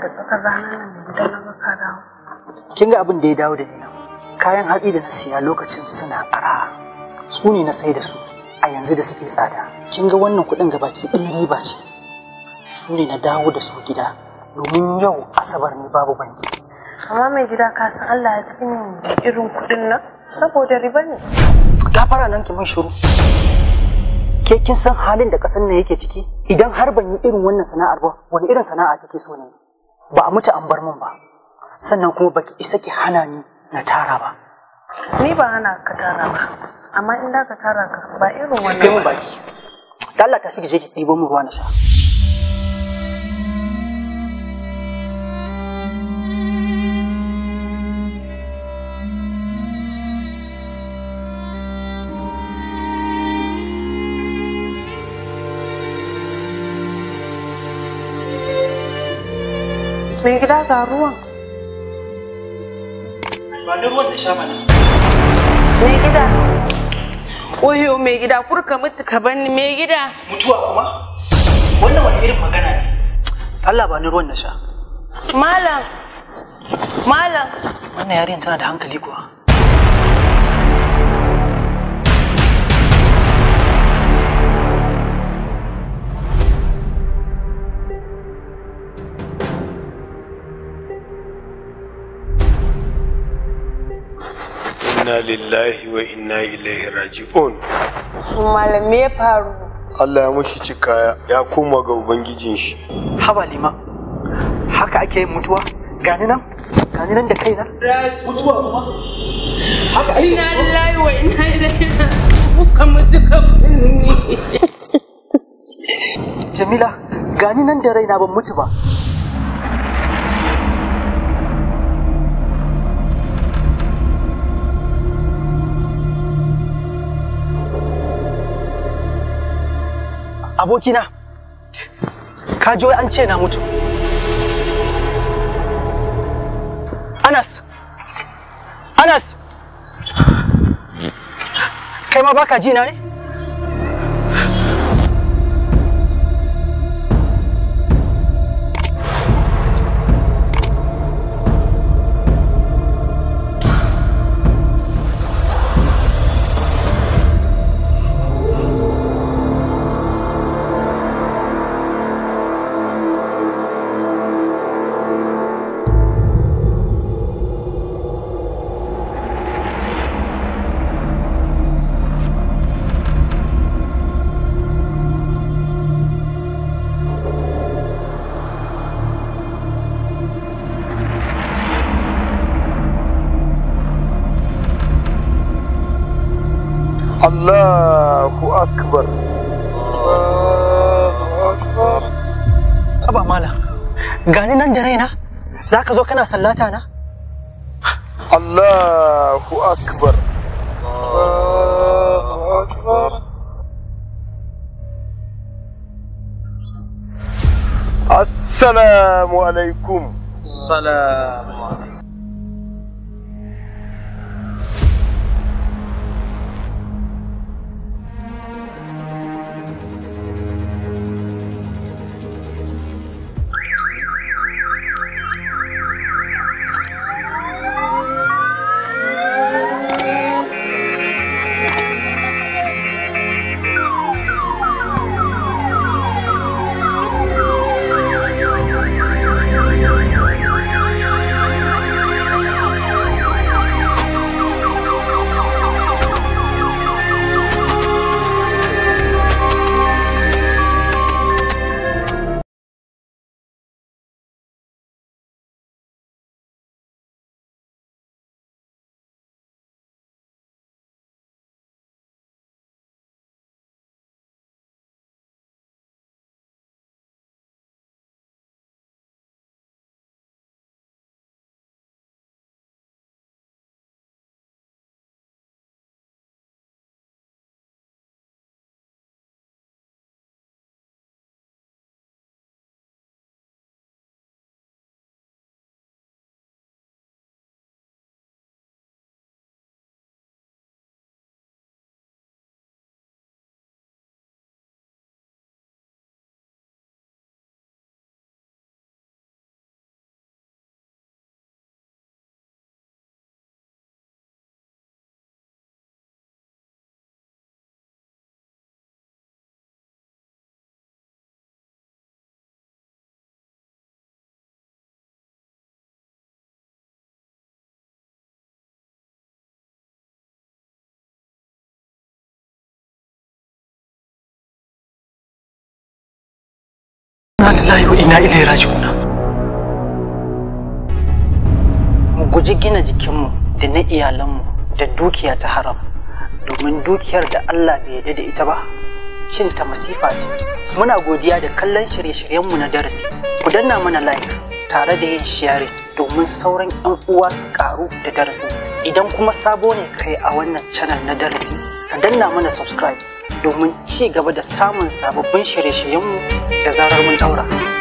da tsakar ranar nan da gida na baka dawo kin ga abin da ya dawo da ni nan kayan hatsi da na siya lokacin suna araha su ne na sai da su a yanzu da suke tsada kin ga wannan kuɗin gabaki ɗaya riba ce su ne na dawo da su gida domin yau asabar ne babu banki amma mai gida ka san Allah ya tsine da irin kuɗin nan saboda riba ne gafara nan ki mun shiru ke kin san halin da ƙasar nan yake ciki idan har ban yi irin wannan sana'ar ba wani irin sana'a kike so ne ba a mutu an bar min ba sannan kuma baki isa ki hana ni na tara ba ni ba hana ka tara ba amma in da ka tara ka ba irin wannan ba baki Allah ta shi ki je ki ɗibo mu ruwa na sha mai gida ga ruwan ba ruwan da sha mana mai gida oyo mai gida kurka mutu ka ni mai gida mutuwa kuma wannan wani irin magana ne Allah ba ni ruwan na sha malam malam wannan yarin tana da hankali kuwa inna lillahi wa inna ilaihi raji'un malam me faru Allah ya mushi cika ya koma ga ubangijin shi Habalima, haka ake yin mutuwa gani nan gani nan da kaina mutuwa kuma haka ake inna lillahi wa inna ilaihi muka mutu kafin Jamila gani nan da raina ban mutu ba abokina ka ji an ce na mutu anas anas kai ma baka ji na ne Allahu akbar Aba malam gani nan da raina za ka zo kana sallata na? Allahu akbar Assalamu alaikum. Assalamu alaikum. inna lillahi wa inna ilaihi raji'un mu guji gina jikinmu da na iyalanmu da dukiya ta haram domin dukiyar da Allah bai yarda da ita ba cinta masifa ce muna godiya da kallon shirye-shiryenmu na darasi ku danna mana like tare da yin sharing domin sauran 'yan uwa su karu da darasi idan kuma sabo ne kai a wannan channel na darasi ka danna mana subscribe domin ci gaba da samun sababbin shirye-shiryenmu da zarar mun daura.